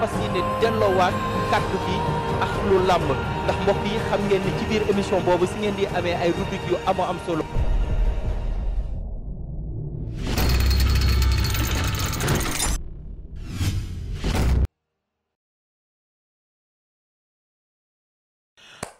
fas yéene am solo.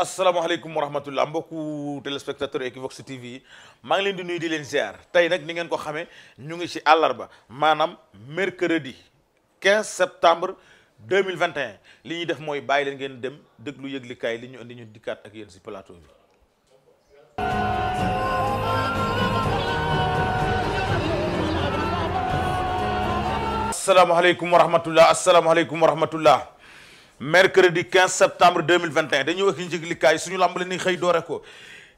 asalaamaaleykum wa rahmatullah mbokku téléspectateur Equivox TV yi maa ngi leen di nuyu di leen ziar tey nag ni ngeen ko xamee ñu ngi ci àllarba maanaam mercredi 15 septembre 2021 li ñuy def mooy bàyyi leen ngeen dem déglu yëglikaay li ñu indi ñu dikkaat ak yéen ci plateau bi. asalaamaaleykum wa rahmatullah asalaamaaleykum wa rahmatullah mercredi 15 septembre 2021 dañuy wax yëglikaay suñu lamb leen ni xëy doore ko.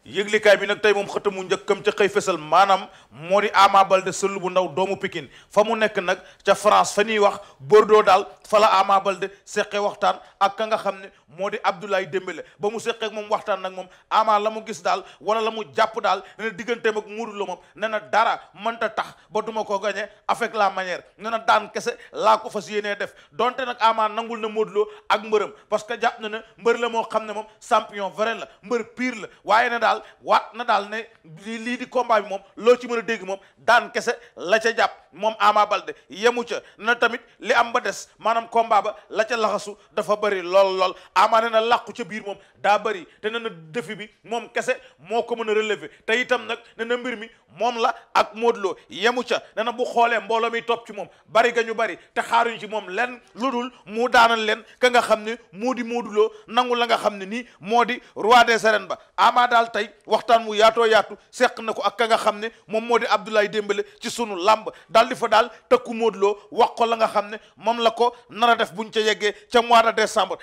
yëglikaay bi nag tey moom xëta mu njëkkam ca xëy fesal maanaam moo di Ama Baldé sëll bu ndaw doomu pikin fa mu nekk nag ca France fa ñuy wax Bordeaux daal fa la Ama Baldé seqe waxtaan ak ka nga xam ne moo di Abdoulaye Dembélé ba mu seqee ak moom waxtaan nag moom Ama la mu gis daal wala la mu jàpp daal ne na digganteem ak Modou Lo moom ne na dara mënta tax ba duma ko gagné avec la manière ne na daan kese laa ko fas yéenee def donte nag Ama nangul na Modou Lo ak mbërëm parce que jàpp na ne mbër la moo xam ne moom champion vrai la mbër piir la waaye ne daal waat na daal ne lii di combat bi moom loo ci mën a dégg moom daan kese la ca jàpp moom Ama yemu ca na tamit li am ba des maanaam combat la ca dafa bëri lool lool amaana na làqu ca biir moom daa bëri te ne na défi bi moom kese moo ko mën a relever te itam nag ne mbir mi moom la ak Modou yemu ca ne bu xoolee mbooloo mi topp ci moom bari ga ñu bari te xaaruñ ci moom lenn lu dul mu daanal leen ka nga xam ne moo di Modou nangu la nga xam ne nii moo di roi des arènes ba ama daal tey waxtaan mu yaatoo yaatu seq na ko ak ka nga xam ne moom moo di Abdoulaye dembale ci sunu làmb daal di fa daal tëkku Modou Lo wax ko la nga xam ne moom la ko nar a def buñ ca yeggee ca mois de décembre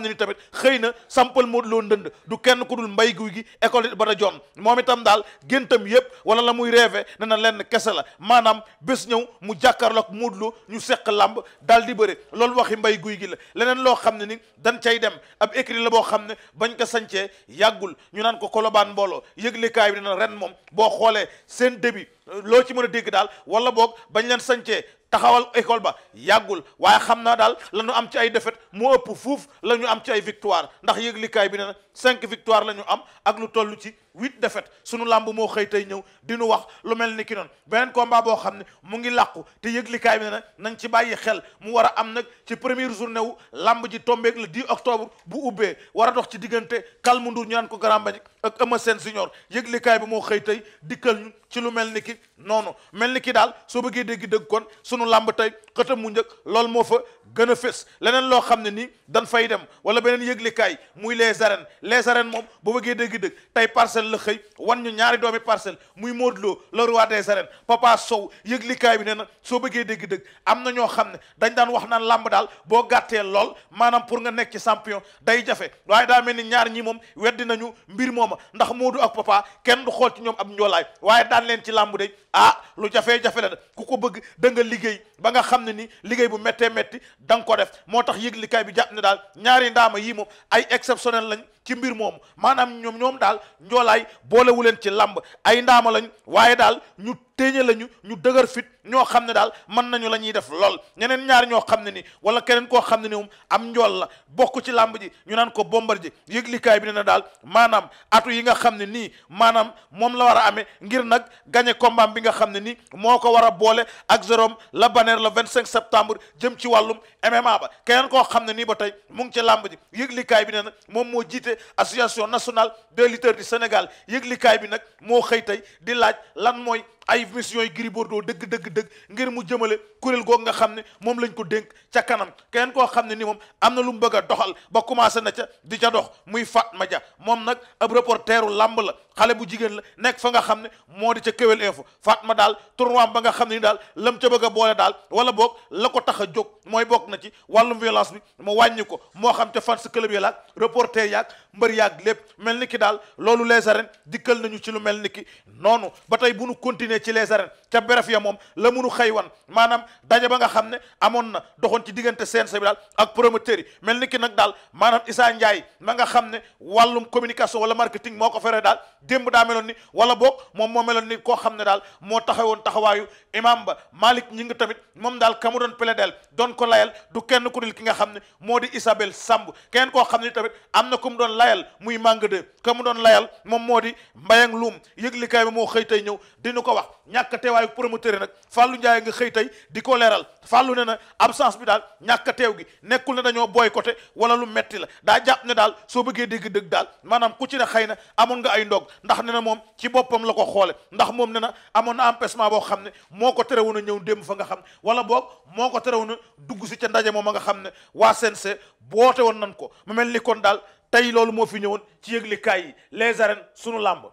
xam ni tamit xëy na sampal Modou Lo ndënd du kenn ku dul mbay guy gi école ba da joon moom itam daal géntam yépp wala la muy rêvé ne na lenn kese la maanaam bés ñëw mu jàkkaarloog Modou Lo ñu seq lamb daal di bëre loolu waxi mbay guy gi la leneen loo xam ne ni dañ cay dem ab écrit la boo xam ne bañ ko sancee yàggul ñu naan ko kolobaan mbooloo yëglekaay bi dina ren moom boo xoolee seen début loo ci mën a dégg daal wala boog bañ leen sancee taxawal école ba yàggul waaye xam naa daal la ñu am ci ay défaite moo ëpp fuuf la ñu am ci ay victoire ndax yëglikaay bi ne cinq victoire la ñu am ak lu toll ci huit défaites suñu làmb moo xëy tey ñëw dinu wax lu mel ni ki noonu beneen combat boo xam ne mu ngi làqu te yëglikaay bi nag nañ ci bàyyi xel mu war a am nag ci première journée wu làmb ji tombeek le 10 octobre bu ubbee war a dox ci diggante Kalmu Ndour ñu naan ko Grand Mbagnick ak Eumeu Sène Junior yëglikaay bi moo xëy tey dikkal ñu ci lu mel ni ki noonu mel ni ki daal soo bëggee dégg dëgg kon suñu làmb tey xëtam mu njëkk loolu moo fa gën a fës leneen loo xam ne nii dañ fay dem wala beneen yëglikaay muy les arènes les arènes moom boo bëggee dégg dëgg tey parcelle la xëy wan ñu ñaari doomi parcelle muy Modou loo le roi des arènes Papa Sow yëglikaay bi nee na soo bëggee dëgg-dëgg am na ñoo xam ne dañ daan wax naan làmb daal boo gàttee lool maanaam pour nga nekk ci champion day jafe waaye daa mel ni ñaar ñii moom weddi nañu mbir mooma ndax Modou ak Papa kenn du xool ci ñoom ab njoolaay waaye daan leen ci làmb day ah lu jafee-jafe la da ku ko bëgg da nga liggéey ba nga xam ne ni liggéey bu méttee métti da nga def moo tax yëglikaay bi jàpp ne daal ñaari ndaama yii moom ay exceptionnel lañ ci mbir moom maanaam ñoom ñoom daal njoolaay boolewuleen ci làmb ay ndaama lañ waaye daal ñu téeñe lañu ñu dëgër fit ñoo xam ne daal mën nañu la ñuy def lool ñeneen ñaar ñoo xam ne ni wala keneen koo xam ne ni moom am njool la bokk ci làmb ji ñu naan ko Bombardier yëglikaay bi ne na daal maanaam atu yi nga xam ne nii maanaam moom la war a amee ngir nag gagné combat bi nga xam ne nii moo ko war a boole ak Jérôme la la le cinq septembre jëm ci wàllum MMA ba keneen koo xam ne nii ba tey mu ngi ci làmb ji yëglikaay bi ne na moom moo jiite association nationale des lutteurs Sénégal yëglikaay bi nag moo xëy tey di laaj lan mooy ay mission yi Gris doo dëgg dëgg dëgg ngir mu jëmale kuréel googu nga xam ne moom lañ ko dénk ca kanam keneen koo xam ne ni moom am na lu mu bëgg a doxal ba commencé na ca di ca dox muy Fatma Dia moom nag ab reporteru làmb la xale bu jigéen la nekk fa nga xam ne moo di ca kéwél Kewel faat ma daal tournoi ba nga xam ne ni daal lam ca bëgg a boole daal wala boog la ko tax a jóg mooy bokk na ci wàllum violence bi mu wàññi ko moo xam ca fans club yi laag reporter yaag mbër yàgg lépp mel ni ki daal loolu les arènes dikkal nañu ci lu mel ni ki noonu ba tey bu nu continuer ci les arènes ca beref ya moom la munu xëy wan maanaam daje ba nga xam ne amoon na doxoon ci diggante CNG bi daal ak promoteur yi mel ni ki nag daal maanaam Issa Ndiaye ma nga xam ne wallum communication wala marketing moo ko feree daal démb daa meloon ni wala boog moom moo meloon ni ko xam ne daal moo taxawoon taxawaayu imam ba Malick ñi ngi tamit moom daal ka mu doon plaidel doon ko layal du kenn ku dul ki nga xam ne moo di Isabel Samb kenn koo xam ne tamit am na ku mu doon layal muy màng ka mu doon layal moom moo di mbayang luum yëglikaay bi moo xëy tey ñëw dinu ko wax taxawaayu promoteur yi nag Fallou Ndiaye nga xëy tey di ko leeral Fallou ne na absence bi daal ñàkk a teew gi nekkul ne dañoo boycotté wala lu metti la daa jàpp ne daal soo bëggee dégg dëgg daal maanaam ku ci ne xëy na amoon nga ay ndog ndax ne moom ci boppam la ko xoole ndax moom ne na amoon na empêchement boo xam ne moo ko terewoon a ñëw démb fa nga xam wala boog moo ko terewoon a dugg si ca ndaje moom a nga xam ne waa CNG boote woon nan ko mu mel ni kon daal tey loolu moo fi ñëwoon ci yëglikaay yi les arènes sunu làmb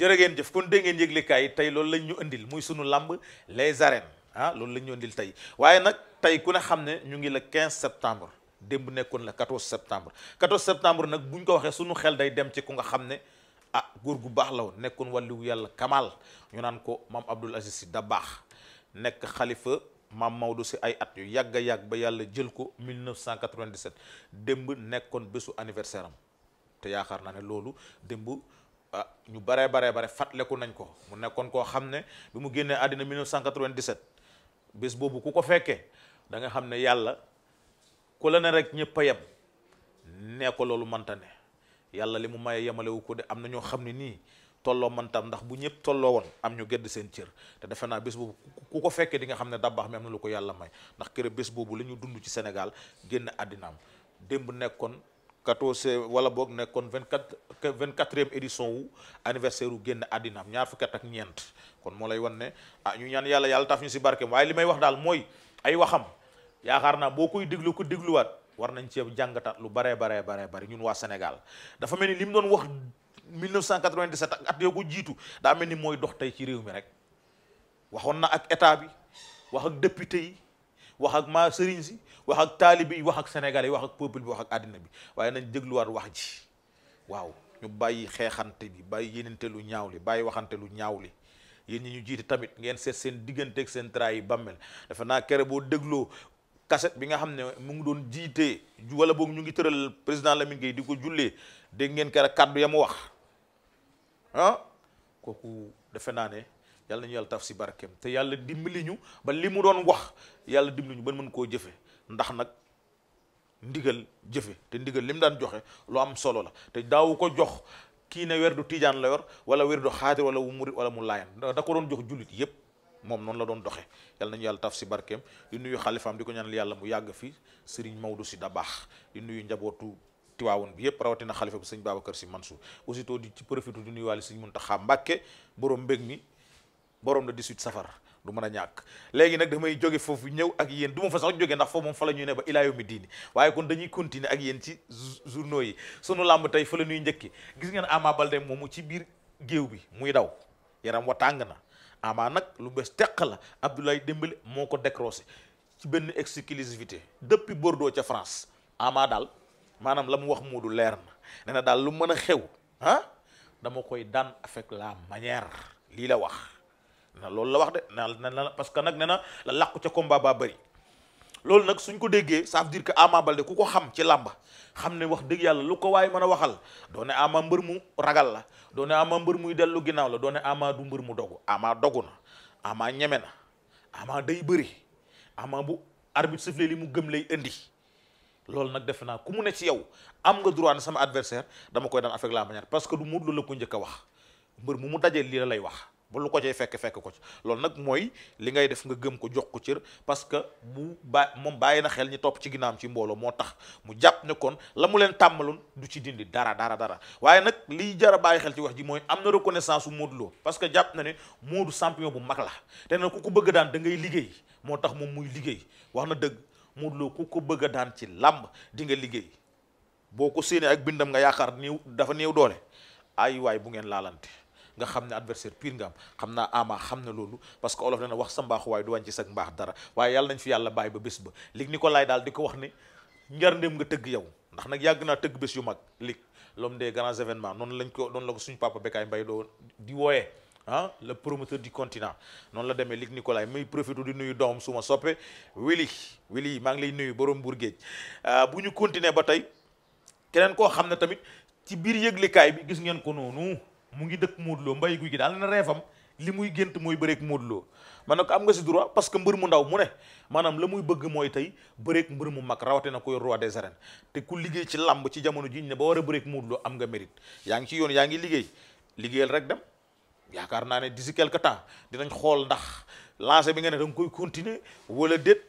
jërë ngeen jëf kon dégg ngeen yëglekaay yi tey loolu lañ ñu indil muy sunu làmb les arènes ah loolu lañ ñu indil tey waaye nag tey ku ne xam ne ñu ngi la 15 septembre démb nekkoon le 14 septembre 14 septembre nag buñ ko waxee sunu xel day dem ci ku nga xam ne ah góor gu baax la woon nekkoon wàlliwu yàlla Kamal ñu naan ko maam Abdoul Aziz Sy baax nekk xalifa maam Maodo si ay at yu yàgg a yàgg ba yàlla jël ko 1997 démb nekkoon bésu anniversaire am te yaakaar naa ne loolu démb ah ñu baree baree bare fàttaliku nañ ko mu nekkoon koo xam ne bi mu génnee àddina 1997 bés boobu ku ko fekkee da xam ne yàlla ku la ne rek ñëpp a yem loolu manta ne yàlla li mu maye yemalewu ko de am na ñoo xam ne nii tolloo mantam ndax bu ñëpp tolloo woon am ñu gedd seen cër te defe naa bés boobu ku ko fekkee di nga xam ne dabbaax mi am na lu ko yàlla may ndax kër bés boobu la ñu dund ci Sénégal génn àddinaam démb nekkoon 14 wala boog nekkoon 24 24e édition wu anniversaire wu génn àddinaam ñaar fukki ak ñeent kon moo lay wan ne ah ñu ñaan yàlla yàlla taf ñu si barkeem waaye li may wax daal mooy ay waxam yaakaar naa boo koy déglu ko dégluwaat war nañ ci jàngataat lu baree baree baree bari ñun waa Sénégal dafa mel ni li mu doon wax 1997 ak at yoo ko jiitu daa mel ni mooy dox tey ci réew mi rek waxoon na ak état bi wax ak député yi. wax ak ma sëriñ si wax ak taalibi yi wax ak sénégalais yi wax ak peuple bi wax ak àddina bi waaye nañ dégluwaat wax ji waaw ñu bàyyi xeexante bi bàyyi yénente lu ñaaw li bàyyi waxante lu ñaaw li yéen ñi ñu jiite tamit ngeen seet seen diggante ak seen tra yi bammel defe naa kere boo dégloo kaset bi nga xam ne mu ngi doon jiitee wala boog ñu ngi tëral président Lamine Gueye di ko jullee dégg ngeen kere kàddu ya mu wax ah kooku defe naa ne yàlla nañu yàlla taf si barkeem te yàlla dimbali ñu ba li mu doon wax yàlla dimbali ñu ba man koo jëfe ndax nag ndigal jëfe te ndigal li mu daan joxe lu am solo la te daawu ko jox kii ne werdu tijaan la yor wala werdu xaadir wala wu wala mu laayan da ko doon jox jullit yépp moom noonu la doon doxee yal nañu yàlla taf si barkeem di nuyu xalifaam di ko ñaanal yàlla mu yàgg fi Serigne Maodo si da baax di nuyu njabootu Tiwaawoon bi yëpp rawatina xalifa bi sëñ Babacar si Mansour aussitôt di ci profité di nuyu waale sëñ Muntaxa Mbàkke borom mbég mi borom la 18 safar du mën a ñàkk léegi nag damay jóge foofu ñëw ak yéen du ma fa sax jóge ndax foofu moom fa la ñuy ne ba ilaa yawmi diini waaye kon dañuy continuer ak yéen ci journaux yi sunu làmb tey fa la ñuy njëkki gis ngeen Ama Baldé moomu ci biir géew bi muy daw yaram wa tàng na Ama nag lu bees teq la Abdoulaye Dembélé moo ko décroché ci benn exclusivité depuis Bordeaux ca France Ama daal maanaam la mu wax Modou leer na nee na daal lu mën a xew ah dama koy daan avec la manière lii la wax na loolu la wax de na na parce que nag nee na la làqu ca combat baa bëri loolu nag suñ ko déggee ça veut dire que Ama Baldé ku ko xam ci làmb xam ne wax dëgg yàlla lu ko waaye mën a waxal doone Ama mbër mu ragal la doone Ama mbër muy dellu ginnaaw la doone Ama du mbër mu dogu Ama dogu na Ama ñeme na Ama day bëri Ama bu arbitre sifflé li mu gëm lay indi loolu nag defe naa ku mu ne ci yow am nga droit ne sama adversaire dama koy daan avec la manière parce que du Modou Lo la ko njëkk a wax mbër mu mu dajee lii la lay wax ba lu ko cay fekk fekk ko ci loolu nag mooy li ngay def nga gëm ko jox ko cër parce que bu ba moom bàyyi na xel ñi topp ci ginnaam ci mbooloo moo tax mu jàpp ne kon la mu leen tàmmaloon du ci dindi dara dara dara waaye nag liy jar a bàyyi xel ci wax ji mooy am na reconnaissance su Modou Lo parce que jàpp na ne Modou champion bu mag la te nag ku ko bëgg daan da ngay liggéey moo tax moom muy liggéey wax na dëgg Modou Lo ku ko bëgg daan ci làmb di nga liggéey boo ko séenee ak bindam nga yaakaar néew dafa néew doole ay waay bu ngeen laalante nga xam ne adversaire pire nga am xam naa Ama xam na loolu parce que olof na wax sa mbaaxu waaye du wàññi sa mbaax dara waaye yàlla nañ fi yàlla bàyyi ba bés ba lig ni ko laay daal di ko wax ne njar ndem nga tëgg yow ndax nag yàgg naa tëgg bés yu mag lig l'homme des grands événements noonu lañ ko noonu la ko suñu papa Bécaye Mbaye doo di wooyee ah le promoteur du continent noonu la demee Luc Nicolaï muy profité di nuyu doomam suma soppe Wili Wili maa ngi lay nuyu borom Mbour géej ah, bu ñu continuer ba tey keneen koo xam ne tamit ci biir yëglekaay bi gis ngeen ko noonu mu ngi dëkk Modou Lo mbay guy gi daal na reefam li muy gént mooy bëreeg Modou Lo man nag am nga si droit parce que mbër mu ndaw mu ne maanaam la muy bëgg mooy tey bëreek mbër mu mag rawatina ko yor roi des arènes te ku liggéey ci làmb ci jamono ji ne ba war a bëreeg Modou Lo am nga mérite yaa ngi ci yoon yaa ngi liggéey liggéeyal rek dem yaakaar naa ne di d'ici quelque temps dinañ xool ndax lancé bi nga ne da koy continuer wala déet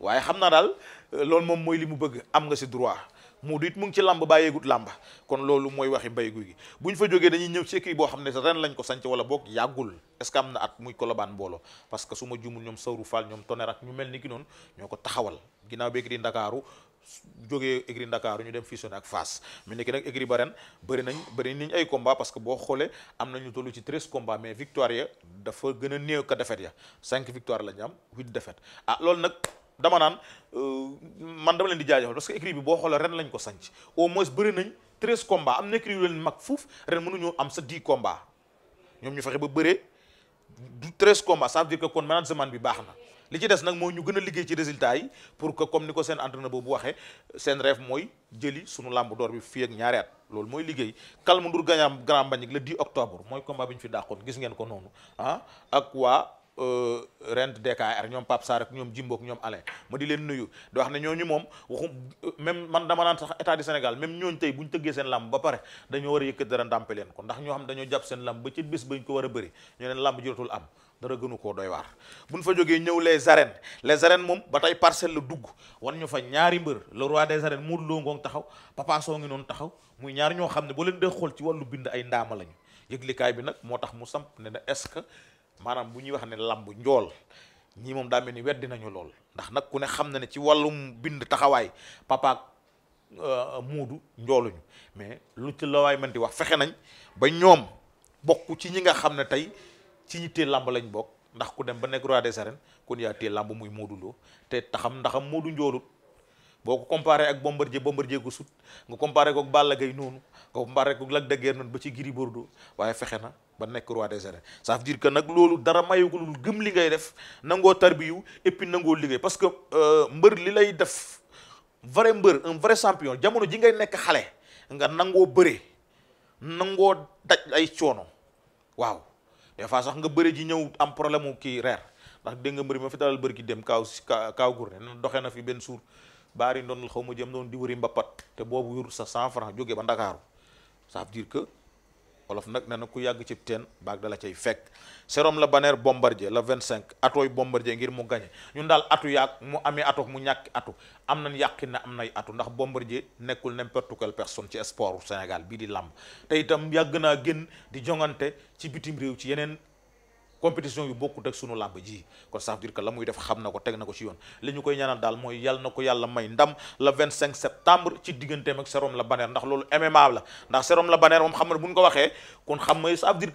waaye xam naa daal euh, loolu moom mooy li mu bëgg am nga si droit moo it mu ngi ci làmb bàyyeegut làmb kon loolu mooy waxi mbay Gouy Gui bu ñu fa jógee dañuy ñëw ci équipe boo xam ne ren lañ ko sanc wala boog yàggul est-ce que am na at muy kolobaan mbooloo parce que su ma jumul ñoom Sawru Fall ñoom Tonnerre ak ñu mel ni ki ñoo ko taxawal ginnaaw bi écurie Ndakaaru jógee écurie Ndakaaru ñu dem fusionné ak fas mais ni ki nag écurie ba ren bëri nañ bëri nañ ay combat parce que boo xoolee am na ñu tollu ci 13 combats mais victoire ya dafa a néew ka défaite ya 5 victoire la ñu am 8 défaite ah loolu nag dama naan euh, man dama leen di jaajëfal parce que écrit bi boo xoolee ren lañ ko sanc au moins bëri nañ treize combats am na écrit yu leen mag fuuf ren mënuñoo am sa dix combats ñoom ñu fexe ba bëree du treize combats ça veut dire que kon management bi baax na li ci des nag mooy ñu gën a liggéey ci résultat yi pour que comme ni ko seen entraîneur boobu waxee seen rêve mooy jëli sunu làmb door bi fii ak ñaari at loolu mooy liggéey Kalma Ndour Gagnaam Grand Mbagnick le 10 octobre mooy combat bi ñu fi dàqoon gis ngeen ko noonu ah ak waa. Euh, rent DKR ñoom Pape Sarr ñoom Jimbo ak ñoom Alain ma di leen nuyu di wax ne ñooñu moom waxu même man dama naan sax état du Sénégal même ñooñu tey bu ñu tëggee seen lamb ba pare dañoo war a yëkkat dara ko ndax ñoo xam dañoo jàpp seen lamb ba ci bés bañ ko war a bëri ñu leen lamb juratul am dara fa jógee ñëw les arènes les arènes moom ba tey parcelle la dugg wan ñu fa ñaari mbër le roi des arènes Modou Lo ngoon taxaw Papa Sow ngi noonu taxaw muy ñaar ñoo xam ne boo leen dee xool ci wàllu bind ay ndaama lañu yëglikaay bi nag moo tax mu samp ne na est que maanaam bu ñuy wax ne lamb njool ñii moom daa mel ni weddi nañu lool ndax nag ku ne xam na ne ci wàllum bind taxawaay papa euh, muudu njooluñu mais lu ci lawaay waay mën di wax fexe nañ ba ñoom bokk ci ñi nga xam ne tey ci ñi téye lamb lañ bokk ndax ku dem ba nekk roi des arènes kon yaa téye làmb muy Modou Lo te taxam ndaxam muudu njoolut boo ko comparé ak Bombardier Bombardier ko sut nga comparé ko ak Balla Gaye noonu nga comparé ko ak Lac de ba ci Gris Bordeaux waaye fexe na ba nekk roi des arènes ça veut dire que nag loolu dara mayugul gëm li ngay def nangoo tarbiyu et puis nangoo liggéey parce que euh, mbër li lay def vrai mbër un vrai champion jamono ji ngay nekk xale nga nangoo bëree nangoo daj ay coono waaw des fois sax nga bëri ji ñëw am problème mu kii reer ndax dégg nga mbëri ma fi dalal bëri ki dem kaaw si kaaw gur ne doxee na fi benn suur baari ndoon xaw ma jëm noonu di wëri mbappat te boobu yor sa cent franc jógee ba ndakaaru wolof nag ne na ku yàgg ci teen baag dala cay fekk sérom la baneer bombardier la vingt cinq atooy bombardier ngir mu gañe ñun daal atu yàgg mu amee atu mu ñàkk atu am na yàqin ne am nay atu ndax bombardier nekkul n'importe quelle personne ci sport Sénégal bii di làmb te itam yàgg naa génn di jongante ci bitim réew ci yeneen compétition yu bokkut ak sunu làmb ji kon ça veut dire que la muy def xam na ko teg na ko ci yoon li ñu koy ñaanal daal mooy yal na ko yàlla may ndam le 25 septembre ci digganteem ak Jérôme Le Banner ndax loolu MMA la ndax Jérôme ko waxee kon xam nga ça veut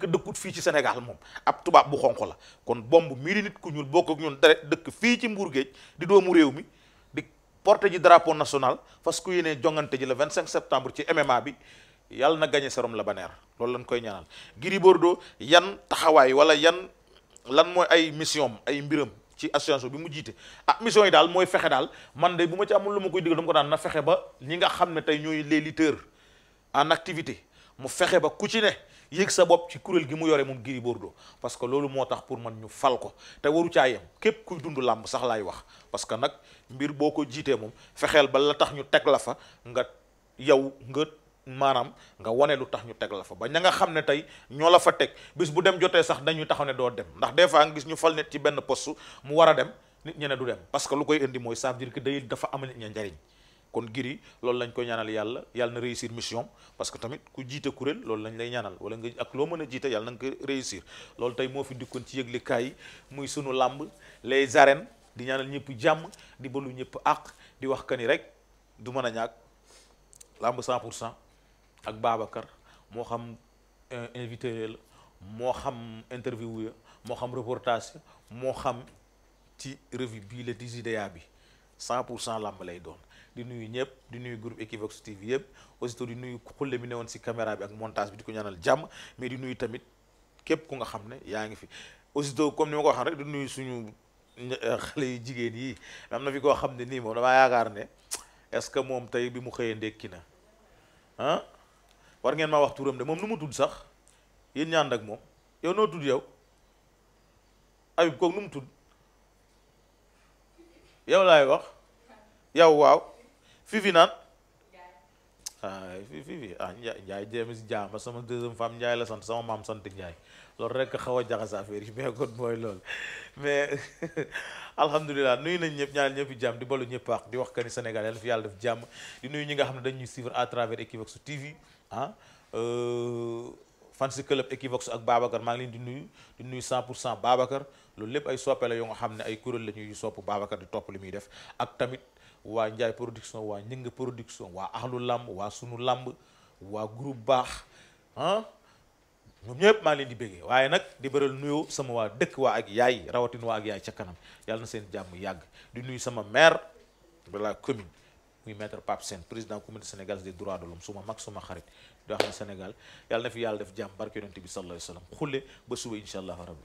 la kon loolu lañ koy ñaanal Gris yan taxawaay wala yan lan mooy ay mission ay mbiram ci association bi mu jiite ah mission yi daal mooy fexe daal man de bu ma ci amul lu ma koy digal dama ko daan na fexe ba ñi nga xam ne tey ñooy les lutteurs en activité mu fexe ba ku ci ne yéeg sa bopp ci kuréel gi mu yore moom Gris Bordeaux parce que loolu moo tax pour man ñu fal ko te waru caa yem képp kuy dund làmb sax laay wax parce que nag mbir boo ko jiitee moom fexeel ba la tax ñu teg la fa nga yow nga maanaam nga wane lu tax ñu teg la fa ba ña nga xam ne tey ñoo la fa teg bis bu dem jotee sax dañuy taxaw ne doo dem ndax des fois nga gis ñu fal nit ci benn poste mu war a dem nit ñene du dem parce que lu koy indi mooy ça veut dire que day dafa am nit ña njariñ kon giri loolu lañ koy ñaanal yàlla yàlla na réussir mission parce que tamit ku jiite kuréel loolu lañ lay ñaanal wala nga ak loo mën a jiite yàlla na nga réussir loolu tey moo fi dikkoon ci yëglikaay kaay muy sunu làmb les arènes di ñaanal ñëpp jàmm di balu ñëpp àq di wax que ni rek du mën a ñàkk làmb 100 pour ak Babacar moo xam euh, invité la moo xam interview ya moo xam reportage moo xam ci revue bii la Desideya bi 100 pour cent làmb lay doon di nuyu ñëpp di nuyu groupe Equivox TV yëpp aussitôt di nuyu xulle mi ne woon si caméra bi ak montage bi di ko ñaanal jàmm mais di nuyu tamit képp ku nga xam ne yaa ngi fi aussitôt comme ni ma di nuyu suñu euh, xale jigéen yi am na fi koo xam ne nii moom damaa yaakaar ne est-ce que moom tey bi mu xëyee ndékki na war ngeen ma wax turam de moom nu mu tudd sax yéen ñaan ak moom yow noo tudd yow Habib kooku nu mu tudd yow laay wax yow waaw fifi naan ah fifi ah Ndiaye Ndiaye James Diama sama deuxième femme Ndiaye la sant sama maam sant Ndiaye loolu rek xaw a jaxas affaire yi mais kon mooy loolu mais alhamdulilah nuyu nañ ñëpp ñaanal ñëpp jàmm di balu ñëpp wax di wax que ni Sénégal yàlla fi yàlla def jàmm di nuyu ñu nga xam ne dañuy suivre à travers Equivox TV. ah euh, fan si club Equivox ak Babacar maa ngi leen di nuyu di nuyu 100 pour cent Babacar loolu lépp ay soppe la yoo nga xam ne ay kuréel la ñuy sopp Babacar di topp li muy def ak tamit waa Njaay production waa Njëng production waa Axlu Lamb waa Sunu làmb waa groupe baax ah ñoom ñëpp maa ngi leen di béggee waaye nag di bëral nuyoo sama waa dëkk waa ak yaay rawatin waa ak yaay ca kanam yàlla na seen jàmm yàgg di nuyu sama maire de la commune muy maître Pape Sène président communauté sénégalaise des droits mag suma xarit di wax ne Sénégal yàlla na fi def jàmm barke yonent bi sallallahu alayhi wa ba suba incha allah rabbi